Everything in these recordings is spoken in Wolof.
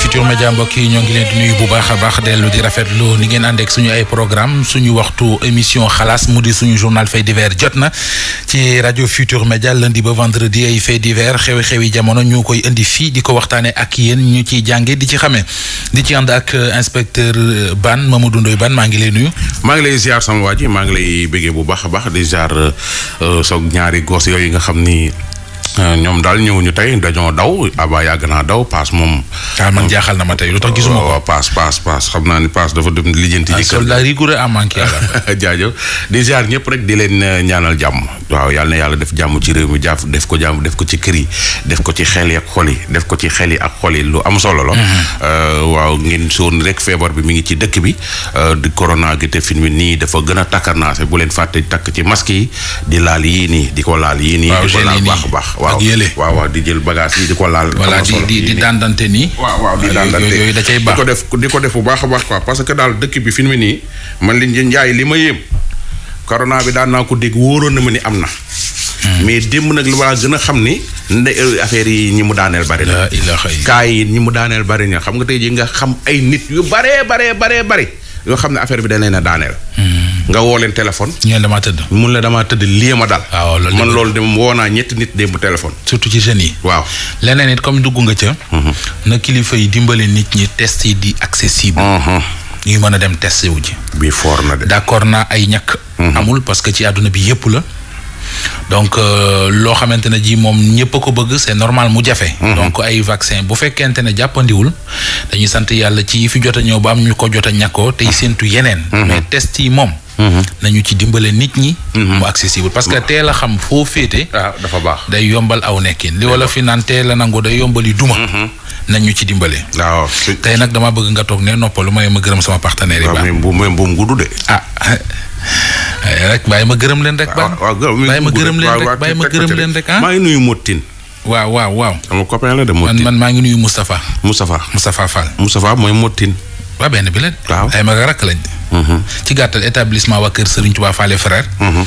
Futurs Médias mbokk yi ñoo ngi leen di bu baax a baax dellu di rafetlu ni ngeen ànd ak suñu ay programme suñu waxtu émission xalaas mu di suñu journal fait divers jot na ci rajo Futurs Médias lundi ba vendredi ay fait divers xew xewi jamono ñu koy indi fii di ko waxtaane ak yéen ñu ciy jànge di ci xamee di ci ànd ak euh, inspecteur ma euh, Mamadou Ndoye Ban maa ngi lay nuyu maa ngi lay ziar sama waa ji maa ngi lay béggee bu baax a baax di ziar euh, soo ñaari gos yooyu nga xam ni Euh, ñoom daal ñëwuñu tey dañoo daw Aba yàgg naa daw paas moom. ah man euh, jaaxal na ma tey lu tax gisuma ko. paas paas paas xam naa ni paas dafa dem lijjanti. ah soldat rigoureux à manquer. jaajëf di ziar ñëpp rek di leen euh, ñaanal jàmm. waaw yal yàlla def jàmm ci réew mi jàpp def ko jàmm def ko ci kër yi def ko ci xel yi ak yi def ko ci xel yi ak xol yi lu am solo la. Mm-hmm. waaw ngeen soon rek feebar bi mi ngi ci dëkk bi di corona gi fi mu nii dafa gën a takkarnaase bu leen fàtte takk ci maski yi di laal yii nii di ko laal yii nii. di ko laal baax a baax. waaw waaw waaw di jël bagage yi di ko laal. voilà di di di waaw waaw da cay baax di ko def bu baax a baax quoi parce que daal dëkk bi nii man li njaay li ma yéem. corona bi daan naa ko dégg wóoroon na ma ni am na. Hmm. mais démb nag li waa gën a xam ni. nde euh, yi ñi mu daaneel bari na. kaay yi ñi mu daaneel bari na xam nga tey jii nga xam ay nit yu baree baree baree bari yoo xam ne affaire bi dañ leen daaneel. Hmm. nga woo leen téléphone. ñu damaa tëdd. mun la damaa tëdd lii ma daal. Ah, waaw loolu man loolu de woo naa ñetti nit démb téléphone. surtout ci jeunes yi. waaw leneen it comme dugg nga ca. Mhm. na kilifa yi dimbale nit ñi test yi di accessible. Mhm. ñuy mën a dem test wu ji. bii foor na de. d'accord naa ay ñàkk. Mhm. amul parce que ci àdduna bi yépp la. donc euh, loo xamante ne jii moom ñëpp a ko bëgg c'est normal mu jafe. Mhm. donc ay vaccin bu fekkente ne jàppandiwul dañuy sant yàlla ci yi fi jot a ñëw ba am ñu ko jot a ñàkkoo tey mhm. séentu yeneen. Mhm. mais test yi moom. nañu ci dimbale nit ñi. mu accessible parce que teel a xam foo féete. Ah, dafa baax day yombal aw nekkin li wala fi naan teel a nangu day yombali duma. nañu ci dimbale. waaw ah, tey nag dama bëgg nga toog ne noppalu may ma gërëm sama partenaire yi. waaw ah, même bu même bu de. waaye rek baay ma gërëm leen rek. waaw bàyyi ma gërëm leen rek bàyyi ma gërëm leen rek ah. maa ngi nuyu Motin. waaw waaw waaw. la de Motin man man maa ngi nuyu Moustapha. Moustapha Moustapha Fall. Moustapha mooy Motin. waa benn bi la. waaw ay mag ak rakk lañ. Mm-hmm. ci gàttal établissement waa kër Serigne Touba Fallé frère. Mm-hmm.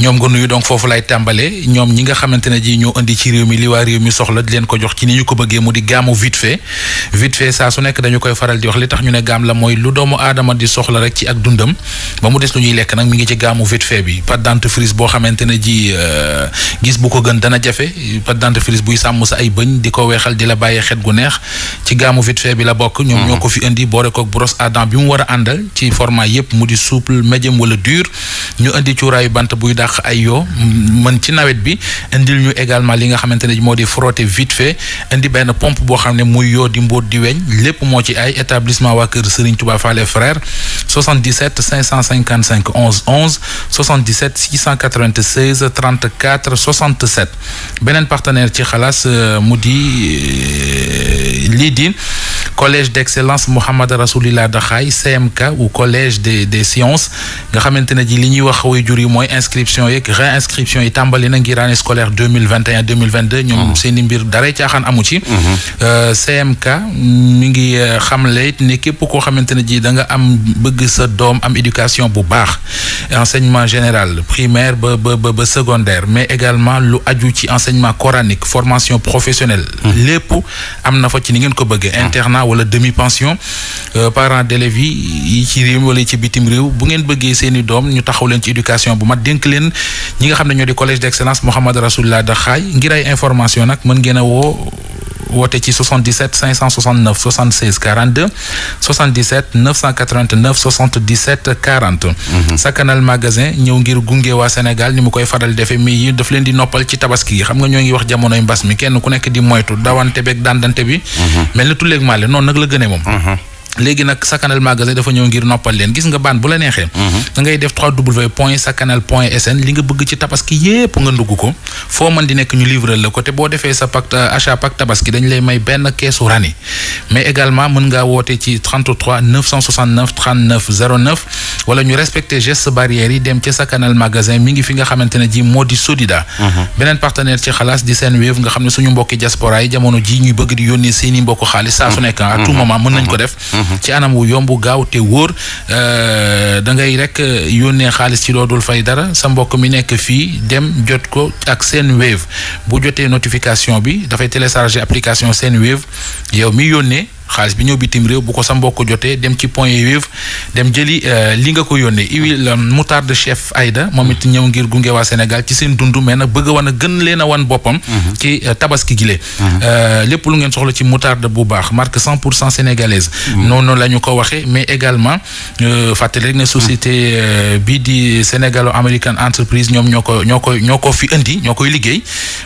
ñoom nga nuyu donc foofu lay tàmbalee ñoom ñi nga xamante ne ji ñoo indi ci réew mi li waa réew mi soxla di leen ko jox ci ni ñu ko bëggee mu di gaamu vite fait vite saa su nekk dañu koy faral di wax li tax ñu ne gaam la mooy lu doomu aadama di soxla rek ci ak dundam ba mu des lu ñuy lekk nag mu ngi ci gaamu vite fait bi pâte dentifrice boo xamante ne ji euh, gis bu ko gën dana jafe pâte dentifrice buy sàmm sa ay bëñ di ko weexal di la bàyyee xet gu neex ci gaamu vite bi la bokk ñoom ñoo ko fi ko brosse à dents bi mu war a àndal ci format yëpp mu di souple médium wala dur ñu indi cuuraayu bant buy dax ay yoo man ci nawet bi indil ñu également li nga xamante ne moo di frotter vite fait indi benn pomp boo xam ne muy yoo di mbóot di weñ lépp moo ci ay établissement waa kër Serigne Touba Fallé frère 77 555 11 11 77 696 34 67 beneen partenaire ci xalaas euh, mu di euh, lii din collège d'excellence Mouhamad Rasoulillah Dakhaay CMK ou collège de des sciences nga xamante ne ji li ñuy wax way jur yi mooy inscription yeeg réinscription yi tàmbali na ngir année scolaire deux mille vingt et un deux mille vingt deux ñoom ah. seen i mbir dara caaxaan amu ci. Mhm. Euh, CMK mi ngi euh, xamle it ne képp koo xamante ne ji da nga am bëgg sa doom am éducation bu baax. enseignement général primaire ba ba ba secondaire mais également lu aju ci enseignement coranique formation professionnelle lépp am na fa ci ni ngeen ko bëggee internat wala demi pension euh, parents d'élèves yi ci réew wala ci bitim réew bu ngeen bëggee seeni doom ñu taxaw leen ci éducation bu mat dénk leen ñi nga xam ne ñoo di collège d'excellence Mohamed Rasoulillah Dakhaye ngir ay information nag mën ngeen woo woote ci 77 569 76 42 77 989 77 40. Sakanal magasin ñëw ngir gunge waa Sénégal ni mu koy faral defee mi yi daf leen di noppal ci tabaski yi xam nga ñoo ngi wax jamonoy mbas mi kenn ku nekk di moytu dawante beeg dandante bi. Mhm. mel ni tulleeg maale noonu nag la gënee moom. Mhm. léegi nag sakanal magasin dafa ñëw ngir noppal leen gis nga baan bu la neexee mhm. da ngay def www point sakanal point sn li nga bëgg ci tabaski yépp nga ndugg ko foo mën di nekk ñu livrer la ko te boo defee sa pack achat pack tabaski dañ lay may benn keesu rani mais également mën ngaa woote ci 33 969 39 09 wala ñu respecter gestes barrières yi dem ci sakanal magasin mi ngi fi nga xamante ne ji moo di Sodida mhm. beneen partenaire ci xalaas di nga xam ne suñu mbokki diaspora yi jamono ji bëgg di yónnee seeni mbokk xaalis saa su mhm. mën nañ ko def Mhm. ci anam wu yomb gaaw te wóor euh, da ngay rek euh, yónnee xaalis ci loodul fay dara sa mbokk mi nekk fii dem jot ko ak seen wave bu jotee notification bi dafay télécharger application seen wave yow mi yónnee xaalis bi ñëw bitim réew bu ko sa mbokk jotee dem ci point Wave dem jëli euh, li nga ko yónnee huile euh, moutarde chef ayda moom it ñëw ngir gunge Sénégal ci seen dund mais nag bëgg wan a gën leen a wan boppam mhm. ci euh, tabaski gile mhm. lépp lu ngeen soxla ci moutarde bu baax marque cent pour cent sénégalaise mhm. noonu la ñu ko waxee mais également fàttali rek ne société bii di sénégalo américaine entreprise ñoom ñoo ko ñoo koy ñoo ko fi indi ñoo koy liggéey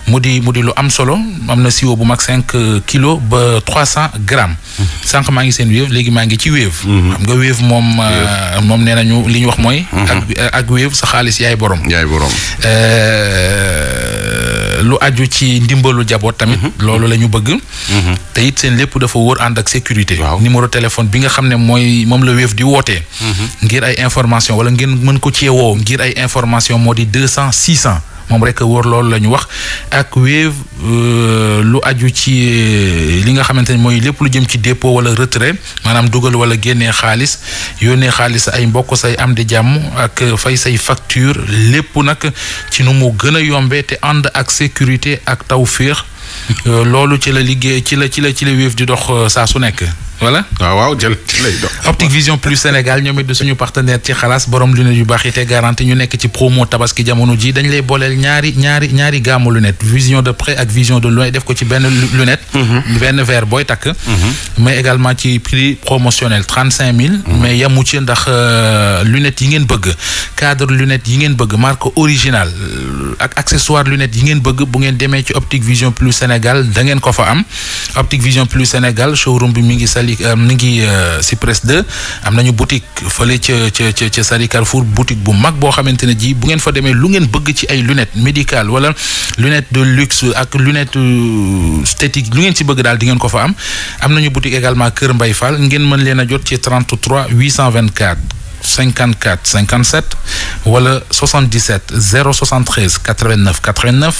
mu di mu di lu am solo am na siwo bu mag cinq kilos ba trois cent grammes sànq maa ngi seen Wave léegi maa ngi ci Wave. Mhm. xam nga Wave moom euh, moom nee nañu li ñu wax mooy. Mhm. ak ak sa xaalis yaay borom. yaay borom. Euh, lu aju ci ndimbalu jaboot tamit. Mhm. loolu la ñu bëgg. te it seen lépp dafa wóor ànd ak sécurité. numéro téléphone bi nga xam ne mooy moom la Wave di wootee. ngir ay information wala ngeen mën ko cee woo ngir ay information moo di deux cent six cent. moom rek wóor loolu lañu wax ak Wave euh, lu aju ci euh, li nga xamante ni mooy lépp lu jëm ci dépôt wala retrait maanaam dugal wala génnee xaalis yónnee xaalis ay mbokk say am di jàmm ak fay say facture lépp nag ci nu mu gën a yombee te ànd ak sécurité ak tawféex euh, loolu ci la liggéey ci la ci la ci la di dox saa su nekk. voilà waaw ah, waaw jël lay Vision Plus Sénégal ñoom it du suñu partenaire ci xalaas borom lunette yu baax yi te garanti ñu nekk ci promo tabaski jamono ji dañ lay booleel ñaari ñaari ñaari gaamu lunette vision de près ak vision de loin def ko ci benn lunette. Mhm. benn verre booy takk. Mhm. mais également ci prix promotionnel trente cinq mille. Mhm. mais yamu ci ndax euh, lunettes yi ngeen bëgg cadre lunet yi ngeen bëgg marque original euh, ak accessoire lunettes yi ngeen bëgg bu ngeen demee ci Optic Vision Plus Sénégal da ngeen ko fa am Optic Vision Sali euh, mi ngi euh, Cyprès 2 am nañu boutique fële ca ca ca ca Sali Carrefour boutique bu mag boo xamante ne ji bu ngeen fa demee lu ngeen bëgg ci ay lunettes médicales wala lunettes de luxe ak lunettes euh, esthétiques lu ngeen ci bëgg daal di ngeen ko fa am am nañu boutique également Kër mbay Fall ngeen mën leen a jot ci 33 824 54 57 wala 77 073 89 89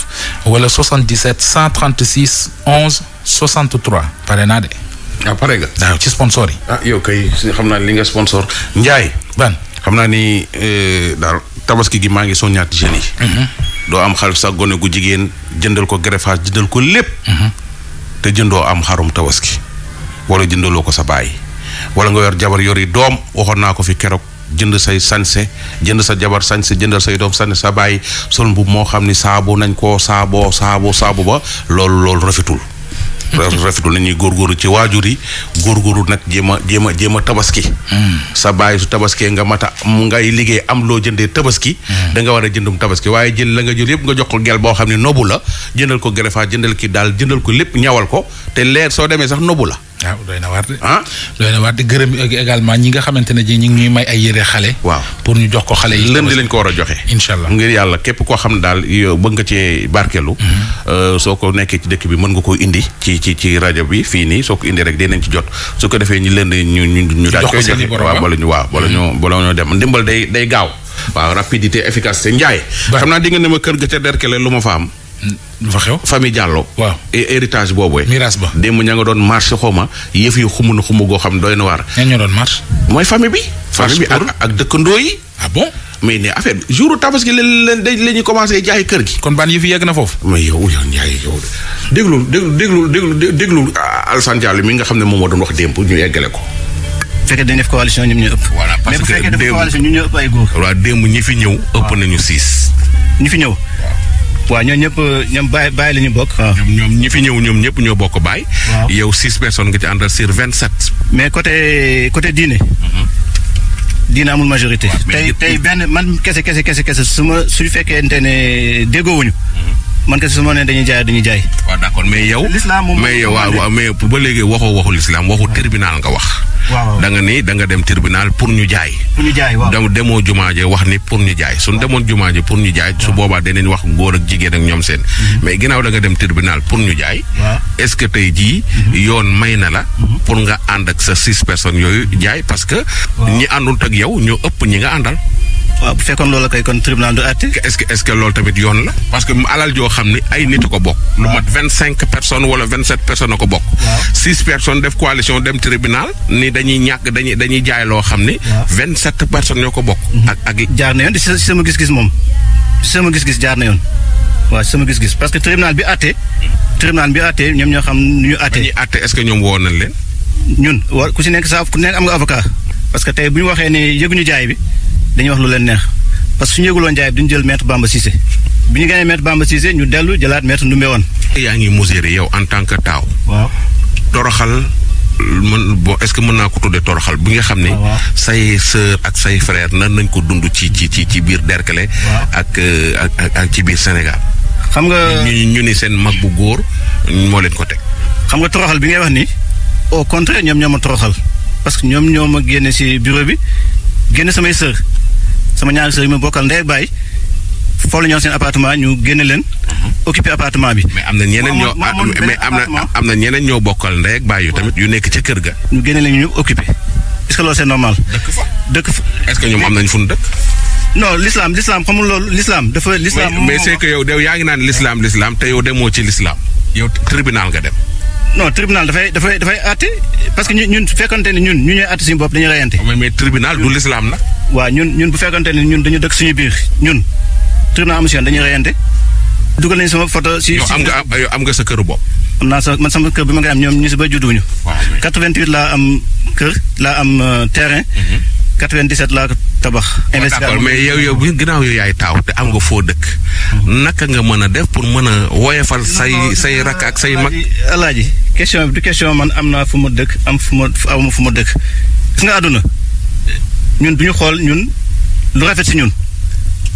wala 77 136 11 63 pare naa de. ah pare nga. waaw ci sponsor yi. ah yow kay xam naa li nga sponsor. Ndiaye xam naa ni eh, daal tabaski gi maa ngi soo ñaati jeunes yi. Mm-hmm. doo am xaalis sax gone gu jigéen jëndal ko greffage jëndal ko lépp. Mm-hmm. te jëndoo am xarum tabaski. wala jëndaloo ko sa baay. wala nga yor jabar yori doom waxoon naa ko fi keroog jënd say sanse jënd sa jabar sanse jëndal say doom sanse sa baay sol mbubb moo xam ni saabu nañ koo saaboo saabo saabu ba loolu loolu rafetul. rafetul nañuy góorgóorlu ci waajur yi góor góorgóorlu nag jéem a jéem jéem a tabaski hmm. sa bàyyi su tabaskee nga mata ngay liggéey am loo jëndee tabaski hmm. danga war a jëndum tabaski waaye jën la nga jël yëpp nga jox ko gel boo xam ne nobu la jëndal ko gerefaat jëndal ki daal jëndal ko lépp ñawal ko te leer soo demee sax nobu la waaw ah, doy na waar de. ah doy na gërëm e- également ñi nga xamante ne ji ñu ngi ñuy may ay yére xale. waaw pour ñu jox ko xale yi. lënd lañ ko war a joxe. incha allah ngir yàlla képp koo xam ne daal bëgg nga cee barkeelu. Mhm. Euh, soo ko nekkee ci dëkk bi mën nga koo indi. ci ci ci rajo bi fii nii soo ko indi rek dinañ ci jot su ko defee ñu lënd ñu ñu ñu. daal koy joxe waaw bala ñu waaw bala ñu bala dem ndimbal day day gaaw. waaw rapidité efficacité njaay. xam naa di nga ne ma kër ga ca derkele lu ma fa am du fa xew famille Diallo. waaw e, héritage boobu. miraas ba démb ña nga doon marche xawma yëf yi xumu na xumu goo xam doy na waar. ñoo doon marche. mooy famille bi. famille bi ak ak dëkkandoo yi. Ah mais ne affaire bi commencé jaay kër gi. kon baan yëf yi yegg na foofu. mais yow yow Ndiaye yow déglul déglul déglul déglul ah, Alassane mi nga xam ne moom moo doon wax démb ñu eggale ko. bu fekkee dañ def coalition ñoom ñoo ëpp. voilà parce que démb mais ñi fi ñëw ëpp nañu six. ñi fi ñëw. waaw ñoo ñëpp ñoom baay baay la ñu bokk. ñoom ñi fi ñëw ñoom ñëpp ñoo bokk baay. yow six personnes nga ci àndal sur vingt sept. mais côté côté diine. Mhm. diine amul majorité. tey tey benn man kese kese kese kese su ma su fekkente ne déggoowuñu mhm. man kese su ma nee dañuy jaay dañuy jaay. waaw d'accord mais yow. mais yow waaw mais ba léegi waxoo waxu l'islam waxu tribunal nga wax. da nga ni da nga dem tribunal pour ñu jaay. pour ñu jaay waaw demoo jumaa je wax ni pour ñu jaay suñ demoon jumaa je pour ñu jaay su boobaa danañ wax góor ak jigéen ak ñoom seen. Mhm. mais ginnaaw da nga dem tribunal pour ñu jaay. est-ce que tey jii mhm. yoon may na la. Mhm. pour nga ànd ak sa six personnes yooyu jaay parce que. ñi àndul ak yow ñoo ëpp ñi nga àndal. waaw bu fekkoon loolu kay kon tribunal du àtte. est-ce que est-ce que loolu tamit yoon la parce que alal joo xam ne ay nit ko bokk. lu mat vingt cinq personnes wala vingt sept personnes a ko bokk. six personnes def coalition dem tribunal loo xam ne. vingt sept personnes ñoo ko bokk. Mhm. ak ak jaar na yoon si sama gis-gis moom si sama gis-gis jaar na yoon waa sama gis-gis parce que tribunal bi àtte. tribunal bi àtte ñoom ñoo xam nu ñu àtte. dañuy àtte ñoom woo na leen. ñun war ku si nekk saa ku nekk am nga avocat. parce que tey bu ñu waxee ne yëguñu jaay bi. dañuy wax lu leen neex parce que su ñu yëguloon Ndiaye duñu jël maître Bamba Cissé bi ñu gagné maître Bamba Cissé ñu dellu jëlaat maître Ndoumbé woon. yaa ngi mesurer yow en tant que taaw. waaw toroxal mën bon est-ce que mën naa ko tuddee toroxal bi nga xam ne. say sœur ak say frère nan nañ ko dund ci ci ci ci biir Derklé. Euh, ak ak ak ci biir Sénégal. xam nga ñu ñu ni seen mag bu góor moo leen ko teg. xam nga toroxal bi ngay wax ni au contraire ñoom ñoo ma toroxal parce que ñoom ñoo ma génne si bureau bi génne samay sœur. sama ñaari sooy yi ma bokkal ndey baay foofu la ñu seen appartement ñu génne leen. Uh-huh. occupé appartement bi. mais am na ñeneen ñoo mais am na am na ñeneen ñoo bokkal ndey ak baay yu tamit yu nekk ca kër ga. ñu génne leen ñu ñëpp occupé est-ce loolu c'est normal. dëkk fa dëkk fa. est-ce ñoom am nañ fu ñu dëkk. non l'islam l'islam xamul loolu l'islam dafa. l'islam mais c'est que yow yaa ngi naan l'islam l'islam te yow demoo ci l'islam yow tribunal nga dem. non tribunal dafay dafay dafay àtte parce que ñun su fekkante ne ñun ñu ñooy àtte suñu bopp dañuy reyante. Oh, mais mais tribunal du l'islam na. waaw ñun ñun bu fekkante ne ñun dañu dëkk suñu biir ñun tribunal amu si yoon dañuy reyante. dugal nañu sama photo si si. am nga am nga sa këru bopp. am naa sa man sama kër bi ma koy am ñoom ñu si ba judduwuñu. 88 laa am kër laa am euh, terrain. Mhm. 97 laa ko tabax. Oh, investigation mais yow yow ginnaaw yow yaay taaw te am nga foo dëkk. naka nga mën a def pour mën a woyefal say say rakk ak say mag. alaaji question bi du question man am naa fu ma dëkk am fu ma awma fu ma dëkk gis nga àdduna ñun du ñu xool ñun lu rafet si ñun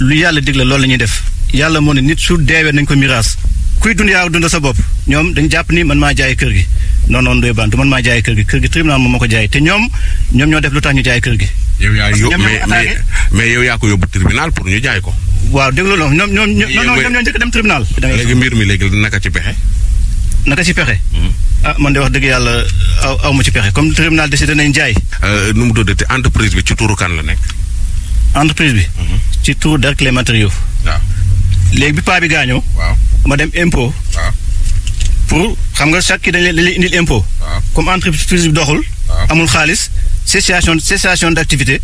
lu yàlla digla loolu la ñuy def yàlla moo ne nit su deewee nañ ko miraas kuy dund yaa dund sa bopp ñoom dañ jàpp ni man maa jaay kër gi non non doy baan du man maa jaay kë gi kër gi tribunal moom moo ko jaay te ñoom ñoom ñoo def lu tax ñu jaay kër gi yow yaa yóbbu mais mais yow yaa ko yóbbu tribunal pour ñu jaay ko. waaw déglu loolu ñoom ñoom ñoom ñoo njëkk dem tribunal. léegi mbir mi léegi naka ci pexe. naka ci pexe. Hmm. ah man de wax dëgg yàlla aw aw ma ci pexe comme tribunal décidé nañ jaay. Euh, nu mu doon entreprise bi ci tuuru kan la nekk. entreprise bi. Hmm. ci tuuru Derklé les matériaux. waaw léegi bi paa bi waaw ma dem impo waaw pour xam nga chaque kii dañ indi impo impôt. comme entreprise bi doxul. amul xaalis. cessation cessation d' activité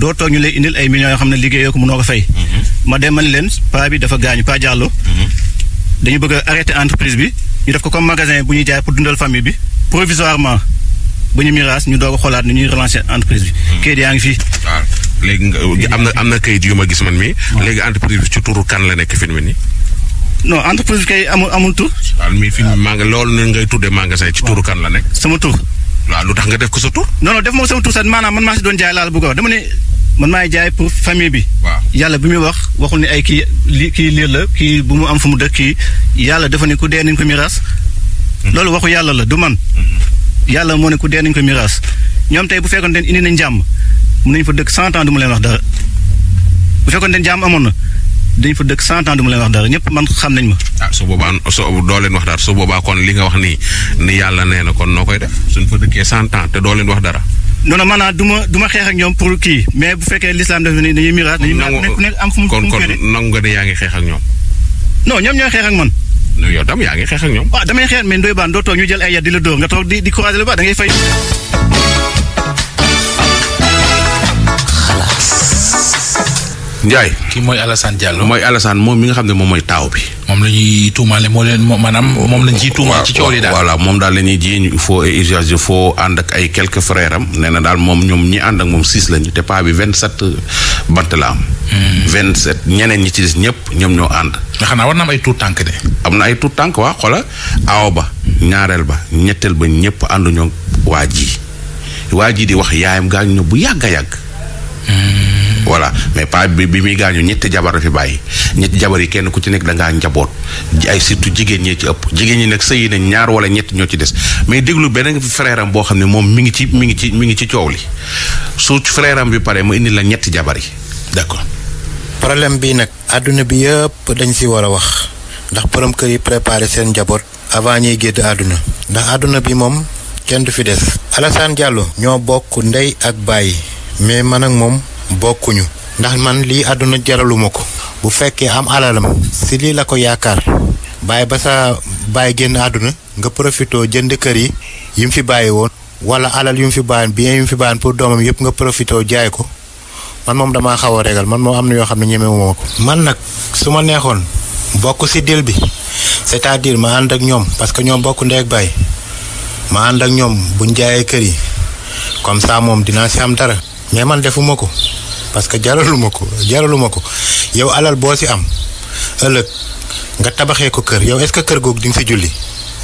doo toog ñu lay indil ay million yoo xam ne liggéeyoo ko mënoo ko fay. Mhm. ma dem ma ni leen paa bi dafa gaañu paa jaalo mhm. dañu bëgg a arrêté entreprise bi ñu def ko comme magasin bu ñu jaay pour dundal famille bi provisoirement ba ñu miraas ñu doog a xoolaat ni ñuy relancer entreprise bi. Mhm. kayit yaa ngi fi waaw ah, léegi am na am na kayit yu ma gis man mi ah. léegi entreprise bi ci turu kan la nekk fi mu nii. non entreprise bi kay amul amul tur. waaw mais loolu ne ngay tuddee magasin ci turu kan la nekk. sama tur. waaw lu tax nga def ko sa tur. non non def moom sama tur sax maanaam man maa si doon jaay laal bu ko dama ne man maay jaay pour famille bi. waaw yàlla bi muy wax waxul ne ay kii lii kii lii la kii bu mu am fu mu dëkk kii yàlla dafa ne ku dee nañ ko miraas. Mhm. loolu waxu yàlla la du man. Mhm. yàlla moo ne ku dee nañ ko miraas ñoom tey bu fekkoon ne indi nañ jàmm mun nañ fa dëkk cent ans du leen wax dara bu fekkoon ne jàmm amoon na. dañu fa dëkk cent ans du leen wax dara ñëpp man xam nañ ma. Ah, su boobaa soo doo leen wax dara su boobaa kon li nga wax nii ni yàlla nee na kon noo koy def suñ fa dëkkee cent ans te doo leen wax dara. non non maanaam du ma du ñoom pour kii mais bu fekkee l'islam def ni dañuy miraas dañuy nekk nekk am fu mu. kon kon nangu nga ne yaa ngi xeex ak ñoom. non ñoom ñooy xeex ak man. non yow tam yaa ngi xeex ñoom. damay xeex mais Ndoye Bane doo toog ñu jël ay yat di la dóor nga toog Ndiaye kii mooy Alassane Diallo mooy Alassane moom mi nga xam ne moom mooy taaw bi. moom la ñuy tuumaale moo leen maanaam moom lañ ciy tuumaal ci coow li daal. voilà moom daal la ñuy jiiñ faux et a de faux ànd ak ay quelques frères am nee na daal moom ñoom ñi ànd ak moom six lañu te paa bi vingt sept euh, bant la am. Hmm. vingt sept ñeneen ñi ci des ñëpp ñoom ñoo ànd. mais xanaa war na am ay tuut tànk de. am na ay tuut tànk waa xoola aaw ba ñaareel ba ñetteel ba ñëpp ànduñoo waa ji waa ji di wax yaayam gaañu na bu yàgg yàgg. Hmm. voilà mais pa bi bi muy gaañu ñetti jabar la bàyyi ñetti jabar yi kenn ku ci nekk dangaa njaboot ay surtout jigéen ñee ci ëpp jigéen ñi nag sëyi na ñaar wala ñett ñoo ci des mais déglu beneen frère boo xam ne moom mi ngi ci mi ngi ci mi ngi ci coow li su frère bi pare mu indi la ñetti jabar yi d'accord problème bi nag àdduna bi yëpp dañ si war a wax ndax borom kër yi préparé seen njaboot avant ñuy gédd àdduna ndax àdduna bi moom kenn du fi des Alassane Diallo ñoo bokk ndey ak bàyyi mais man ak moom bokkuñu ndax man lii àdduna jaraluma ko bu fekkee am alalam si lii la ko yaakaar bàyyi ba sa bàyyi génn àdduna nga profitoo jënd kër yi yi mu fi bàyyi woon wala alal yu mu fi bàyyi bien yu mu fi bàyyi pour doomam yëpp nga profitoo jaay ko man moom damaa xaw a régal man moom am na yoo xam ne ñemewuma ko man nag su ma neexoon bokk si dil bi c'est-à-dire ma ànd ak ñoom parce que ñoom bokk ndeeg bàyyi ma ànd ak ñoom buñ jaayee kër yi comme saa moom dinaa si am dara mais man defuma ko parce que jaraluma ko jaraluma ko yow alal boo ci am ëllëg nga tabaxee ko kër yow est-ce que kër googu di nga ci julli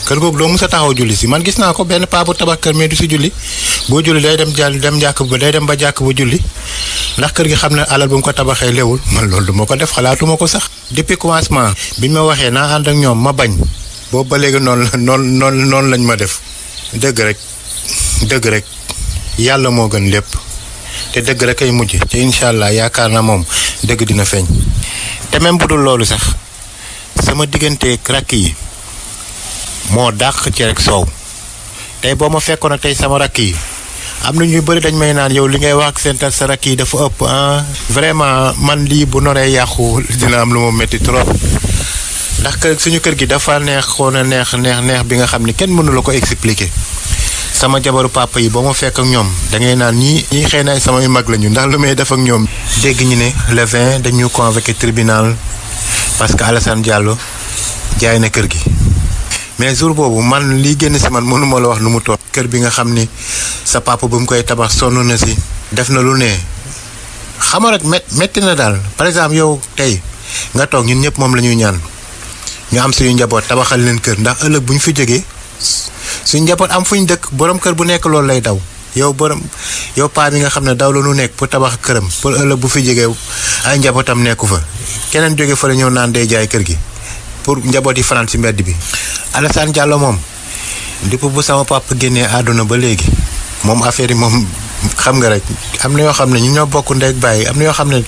kër googu doo sa taxaw julli ci man gis naa ko benn paa bu tabax kër mais du ci julli boo julli day dem jàll dem jàkk ba day dem ba jàkk ba julli ndax kër gi xam ne alal bu mu ko tabaxee lewul man loolu du ko def xalaatuma ko sax. depuis commencement bi ma waxee naa ànd ak ñoom ma bañ boobu ba léegi noonu noonu noonu noonu lañ ma def dëgg rek dëgg rek yàlla moo gën lépp. te dëgg rek ay mujj ci incha allah yaakaar na moom dëgg dina feeñ. te même bu dul loolu sax sama digganteeg rakk yi moo dàq ci rek soow tey boo ma fekkoon ak tey sama rakk yi. am na ñu bëri dañ may naan yow li ngay wax seen tas sa rakk yi dafa ëpp ah vraiment man lii bu noree yàqu dina am lu ma métti trop ndax kër suñu kër gi dafa neex xoon a neex neex neex bi nga xam ni kenn mënu la ko expliquer sama jabaru papa yi boo ma fekk ak ñoom da ngay naan ñii ñii xëy na samay mag lañu ndax lu may def ak ñoom. dégg ñu ne le 20 dañu convoqué tribunal parce que Alassane Diallo jaay na kër gi mais jour boobu man lii génn si man mënuma la wax lu mu toll. kër bi nga xam ni sa papa bu mu koy tabax sonn na si. def na lu ne xam nga rek metti na daal par exemple yow tey nga toog ñun ñëpp moom la ñuy ñaan ñu am suñu njaboot tabaxal leen kër ndax ëllëg bu ñu fi jógee. suñu njaboot am fu ñu dëkk borom kër bu nekk loolu lay daw yow borom yow paa yi nga xam ne daw la nu nekk pour tabax këram pour ëllëg bu fi jógee ay njabootam nekku fa keneen jóge fa la ñëw naan day jaay kër gi pour njaboot yi fanaan ci mbedd bi. Alassane Diallo moom depuis bu sama papa génnee àdduna ba léegi moom affaire yi moom xam nga rek am na yoo xam ne ñu ñoo bokk ndey ak bàyyi am na yoo xam ne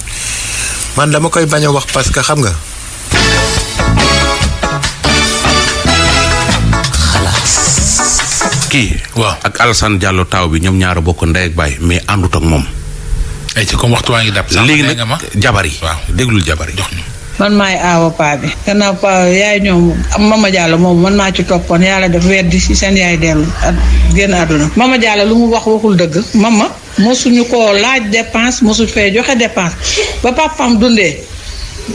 man dama koy bañ a wax parce que xam nga. kii waaw ak Alassane Diallo taaw bi ñoom ñaar bokk ndey ak baay mais àndut ak moom. ay ci comme waxtu waa ngi dab. sax léegi nag jabar yi. waaw déglul jabar yi jox ñu. man maay aawa paa bi gannaaw paa yaay ñoom mama Diallo moom man maa ci toppoon yàlla def weddi ci seen yaay dellu ak génn àdduna mama Diallo lu mu wax waxul dëgg mama mosuñu koo laaj dépense mosu fee joxe dépense ba papam dundee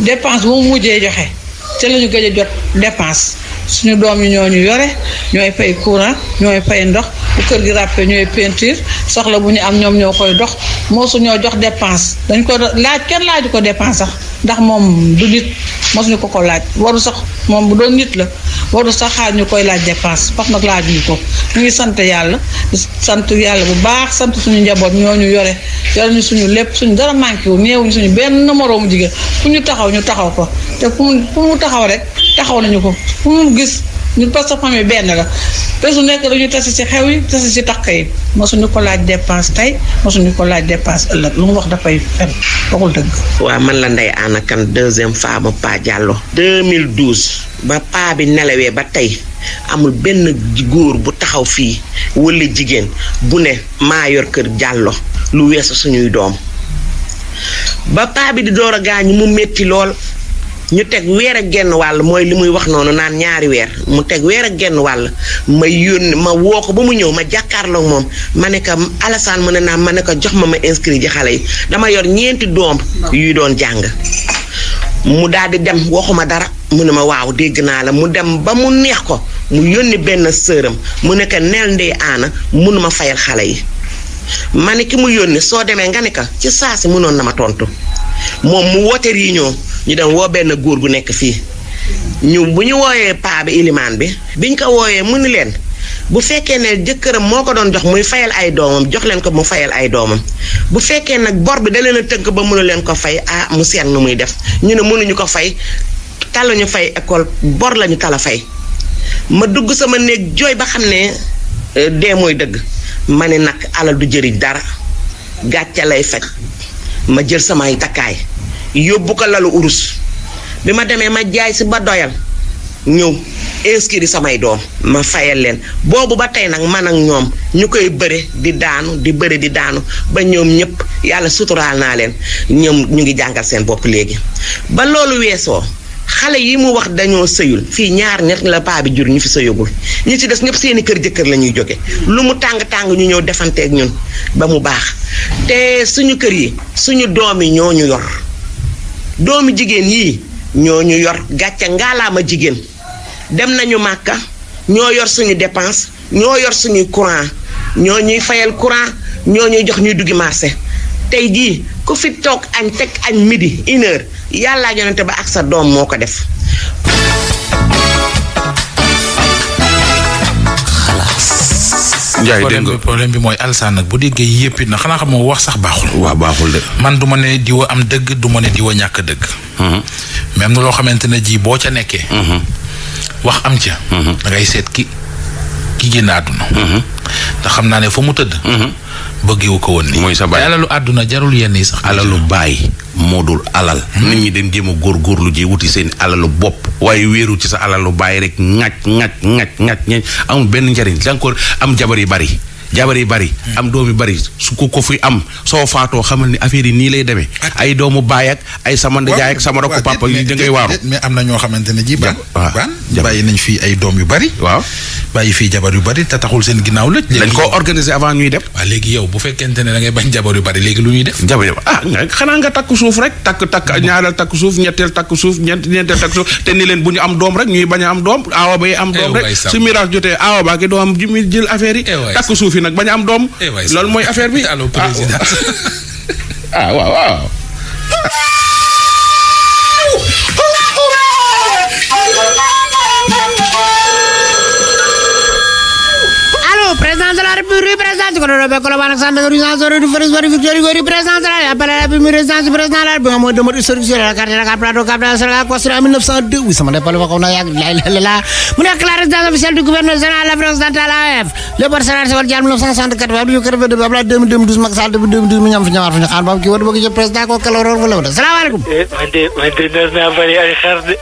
dépense bu mu mujjee joxe ca la ñu a jot dépense suñu doom yi ñoo ñu yore ñooy fay courant ñooy fay ndox bu kër gi ràppee ñooy peinture soxla bu ñu am ñoom ñoo koy dox moosu ñoo jox dépense dañ ko laaj kenn laaju ko dépense sax ndax moom du nit mosuñu ko ko laaj waru sax moom bu doon nit la waru sax xaar ñu koy laaj dépense faf nag laajuñu ko ñu ngi sant yàlla sant yàlla bu baax sant suñu njaboot ñoo ñu yore yore ñu suñu lépp suñu dara manqué wu néewuñu suñu benn moroomu jigéen fu ñu taxaw ñu taxaw ko te fu mu taxaw rek taxaw nañu ko fu mu gis ñun parce que famille benn la bés bu nekk dañuy tasi ci xew yi tasi ci takk yi mosuñu ko laaj dépense tey mosuñu ko laaj dépense ëllëg lu mu wax dafay fen waxul dëgg. man la Ndeye Anna Kane deuxième femme ba Pa Diallo. 2012 ba Pa bi nelawee ba tey amul benn góor bu taxaw fii wala jigéen bu ne maa yor kër jàllo lu weesu suñuy doom ba Pa di door a gaañu mu metti lool. ñu teg weer a genn wàll mooy li muy wax noonu naan ñaari weer mu teg weer a genn wàll ma yónni ma woo ko ba mu ñëw ma jàkkaarloog moom ma ne ko Alassane mu ne naa ma ne ko jox ma ma inscrit ji xale yi dama yor ñeenti doom yuy doon jàng mu daldi di dem waxuma dara mu ne ma waaw dégg naa la mu dem ba mu neex ko mu yónni benn sëram mu ne ko nel ndey aana mënu ma fayal xale yi ma ne ki mu yónni soo demee nga ne ko ci saa si mënoon na ma tontu moom mu woote réunion ñu dem woo benn góor gu nekk fii ñu bu ñu wooyee paa bi ilimaan bi biñ ko wooyee mu ni leen bu fekkee ne jëkkëram moo ko doon jox muy fayal ay doomam jox leen ko mu fayal ay doomam bu fekkee nag bor bi da leen a tënk ba mënu leen ko fay ah mu seet nu muy def ñu ne mënuñu ko fay taluñu fay école bor lañu tala fay ma dugg sama néeg jooy ba xam ne eh, dee mooy dëgg ma ne nag alal du jëriñ dara gàcce lay faj ma jël samay takkaay yóbbu ko lalu urus bi ma demee ma jaay si ba doyal ñëw inscrire samay doom ma fayal leen boobu ba tey nag man ak ñoom ñu koy bëre di daanu di bëre di daanu ba ñoom ñëpp yàlla suturaal naa leen ñoom ñu ngi jàngal seen bopp léegi ba loolu weesoo xale yi mu wax dañoo sëyul fii ñaar ñett la baa bi jur ñu fi sëyagul ñu si des ñëpp seeni kër jëkkër la ñuy jóge lu mu tàng tàng ñu ñëw defanteeg ñun ba mu baax te suñu kër yi suñu doom yi ñoo ñu yor doomu jigéen ñi ñoo ñu yor gàcce ngaalaama jigéen dem nañu màkka ñoo yor suñu dépense ñoo yor suñuy courant ñoo ñuy fayal courant ñoo ñuy jox ñuy duggi marché tey jii ku fi toog añ teg añ midi une heure yàllaa yonente ba ak sa doom moo ko def Ndiaye dégg nga problème bi mooy alsaan nag bu déggee yëpp it na xanaa xam moo wax sax baaxul. waaw baaxul de. man du ma ne di am dëgg du ma ne di ñàkk dëgg. Mm-hmm. mais am loo xamante ne jii boo ca nekkee. Mm-hmm. wax am ca. Mm-hmm. da seet ki ki génn àdduna. te xam naa ne fa mu tëdd. bëggewu ko woon nii. mooy sa baay alalu àdduna jarul yenn yi sax. alalu bàyyi moo dul alal. Hmm? nit ñi dañ jéem a góorgóorlu ji wuti seen alalu bopp. waaye wéeru ci sa alalu bàyyi rek ŋaaj ŋaaj ŋaaj ŋaaj amul benn njariñ encore am jabar yi bari. jabar yi bari am doom yu bari ko ko fi am soo faatoo xamal yi nii lay demee ay doomu baay ak ay sama ndajaay ak sama rakku papa mais am na ñoo xamante ne ji baan baan bàyyi nañ yu bari waaw bàyyi fii jabar yu bari te taxul seen ginnaaw lëj dañ ko organiser avant ñuy dem léegi yow bu fekkente ne da ngay bañ yu bari léegi lu ñuy def jabar yu ah nga xanaa nga rek takk takk takk suuf takk suuf ñeent ñeenteel takk suuf te ni leen bu ñu am doom rek ñuy bañ a am doom aawa bay am eh, rek su miraas jotee aawa baa ki doo am jël affaire eh, takk suuf fi nag bañ am doom. Eh, loolu mooy affaire bi allo président ah, waaw. Ah, Joko Dodo Be Colobane ak Sandaga du Sanzoro du Fere Sory Victoire Gori président de la appelé la première résidence du président la bi nga mooy demeure historique sur la carte Dakar Plateau Cap Dansel Sénégal construit en 1902 oui sama dépal waxoon naa yàgg la la mu nekk la résidence officielle du gouverneur général de la France centrale AF le bord sénégal Senghor Dial 1964 waaye du ñu kër de Abdoulaye 2012 Macky Sall depuis 2012 mi ñam fi ñamaat fi ñu xaan ba am kii wër bëgg jëpp président ko kala roor wala wala salaamaaleykum eh, man de man de nar naa bëri ay xar de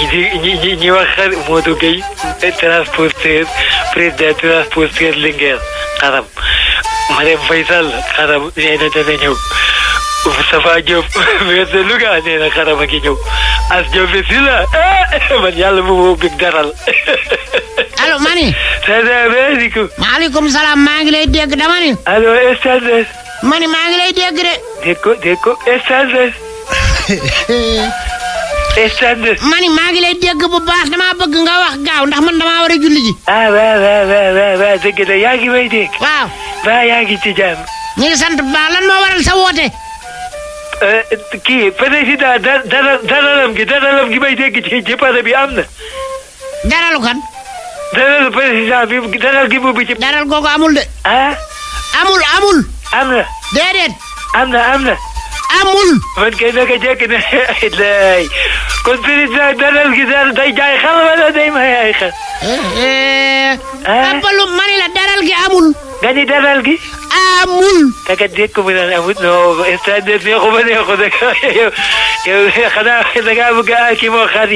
ñi ñi ñi wax xar Modou Gueye eh, transporteur président transporteur Pierre Linguère xaram Marème Faye Sall xaram nee na dana ñëw Moustapha Diop maire de Louga nee na xaram a ngi As Diop si la eh, man yàlla bu ma big daral allo mani salaamaaleykum maaleykum salaam maa ngi lay dégg dama ni allo Stade mani maa ngi lay dégg de dégg ko dégg ko Stade Eh, mani maa ngi lay dégg bu baax damaa bëgg nga wax gaaw ndax man damaa war a julli ji. ah waaw waaw waaw yaa ngi may dégg. waaw. ba yaa ngi ci jàmm. ñu sant baax lan moo waral sa woote. Eh, kii président da dara daralam gi daralam gi may dégg ci ci pare bi am na. daralu kan. daralu daral gi bu bi ci. daral googu amul de. ah. amul amul. am na. déedéet. am na am na. amul. man kay naka jekk ne day kon président Daniel Guisane day jaay xel wala day may ay xel. Kapalu eh, eh. ah. mani la daral gi amul. nga daral gi. amul. naka jekk mu ne amul non instant bii neexu da a kii moo xar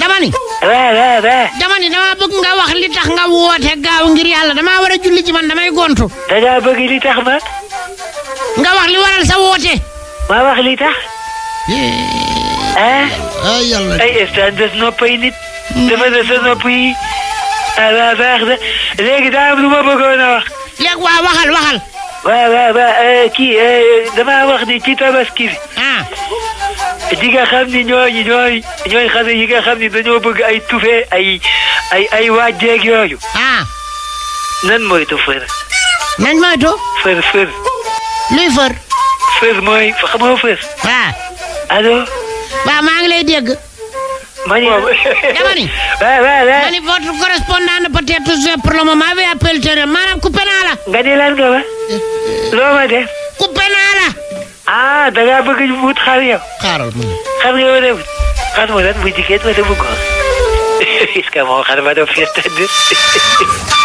dama ni. nga wax li tax nga woote gaaw ngir yàlla damaa war a julli ci man damay gontu. da ngaa bëgg li tax ma. nga wax li waral sa woote. maa wax li tax. ah. ay yàlla ay instant des yi nit. dafa des sa yi. ah baax na léegi daa am lu ma bëggoon a wax. léegi waa waxal waxal. waaw waaw waaw eh, kii damaa wax ni ci tabaski bi. ah. di nga xam ni ñooñu ñooy ñooy xale yi nga xam ni dañoo bëgg ay tufe ay ay waa jeeg yooyu. ah. nan mooy fër. nan mooy fër fër. luy fër. fër mooy xam nga fër. waaw. allo. waaw maa ngi lay dégg. ma ni dama ni. waaw waaw waaw. ma ni votre correspondant peut-être je pour le moment bi appel télé maanaam coupé naa la. nga di lan nga ba. loo ma def. coupé naa la. ah da ngaa bëgg wut xar yow. xaaral ma. xar nga ma dem. xar ma lan mu jigéen ma dem góor. est-ce que moo xar ma dem fii